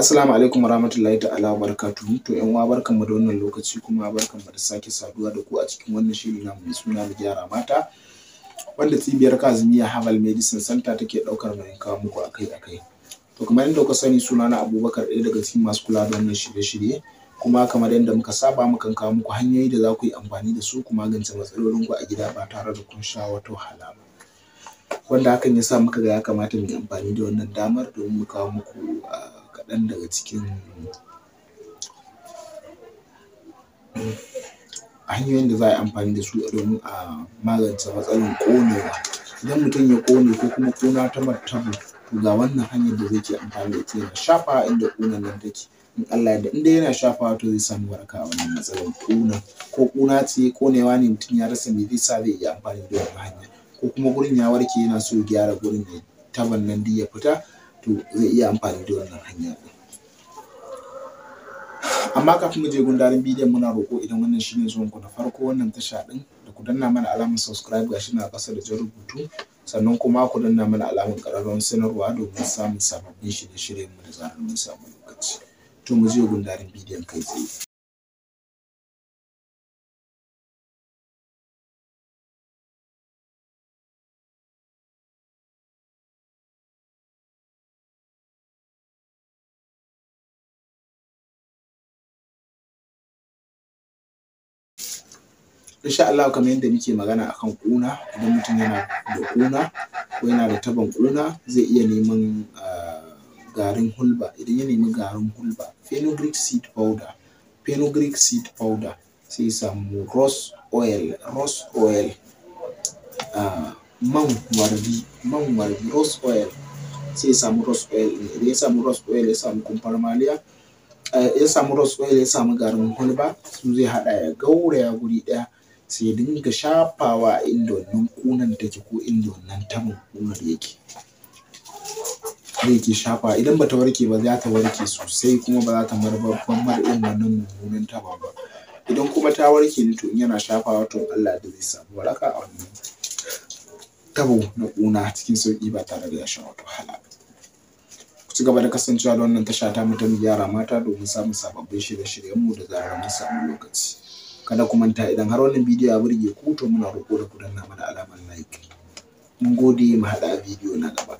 Assalamu alaikum warahmatullahi ta'ala wabarakatuh. To yan uwa barkanmu da wannan lokaci kuma barkanmu da sake saduwa da ku a cikin wannan shiri na mai suna da gyara mata. Wanda cibiyar Kazimiya Herbal Medicine Center take daukar mai kawo muku akai-akai. To kamar yadda kuka sani suna na Abubakar ɗaya daga cikin masu kula da wannan shirye-shirye kuma kamar yadda muka saba muka kawo muku hanyoyi da za ku yi amfani da su ku magance matsalolin ku a gida ba tare da kun sha wata wahala ba. Wanda hakan ya sa muka ga ya kamata mu yi amfani da wannan damar domin mu kawo muku ah, kaɗan daga cikin hanyoyin da za a yi amfani da su domin a magance matsalar konewa, idan mutum ya kone ko kuma kuna ta martaba to ga wannan hanyar da zai ke amfani da ita yana shafa inda ƙunan nan take in Allah yadda inda yana shafa to zai samu waraka a wannan matsalar ƙuna ko ƙuna ce ƙonewa ne mutum ya rasa me zai sa zai iya amfani da wannan hanya ko kuma gurin ya warke yana so gyara gurin ya taban nan duk ya fita to zai iya amfani da wannan hanya ɗin amma kafin mu je gundarin bidiyon muna roƙo idan wannan shine zuwan ku na farko wannan tasha ɗin da ku danna mana alamar subscribe gashi na ƙasa da jan rubutu sannan kuma ku danna mana alamar ƙararrawar sanarwa domin samun sababbin shirye-shiryen mu da zarar mun samu lokaci to mu je gundarin bidiyon kai tsaye insha Allah kamar yadda muke magana akan kuna idan mutum yana da kuna ko yana da taban kuna zai iya neman ah, garin hulba idan ya nemi garin hulba fenugreek seed powder fenugreek seed powder sai ya samu rose oil rose oil ah, man warbi man warbi rose oil sai ya samu rose oil idan ya samu rose oil ya samu kumfar maliya ah, ya samu rose oil ya samu garin hulba su zai hada ya gauraya guri daya sai ya dinga shafawa a inda wannan ƙunan take ko inda wannan tabon ƙunar yake zai ke shafa idan bata warke ba za ta warke sosai kuma ba za ta mar marɗin wannan mummunan taba ba idan kuma ta warke ne to in yana shafawa to Allah da zai samu waraka a wannan tabo na kuna cikin sauki ba tare da ya sha wata wahala ku ci gaba da kasancewa da wannan tasha ta mutum yara mata domin samun sababbin shirye-shiryenmu da zarar mu samu lokaci kada ku manta idan har wannan bidiyo ya burge ku to muna roƙo da ku danna mana alamar like mun gode mu haɗa bidiyo na gaba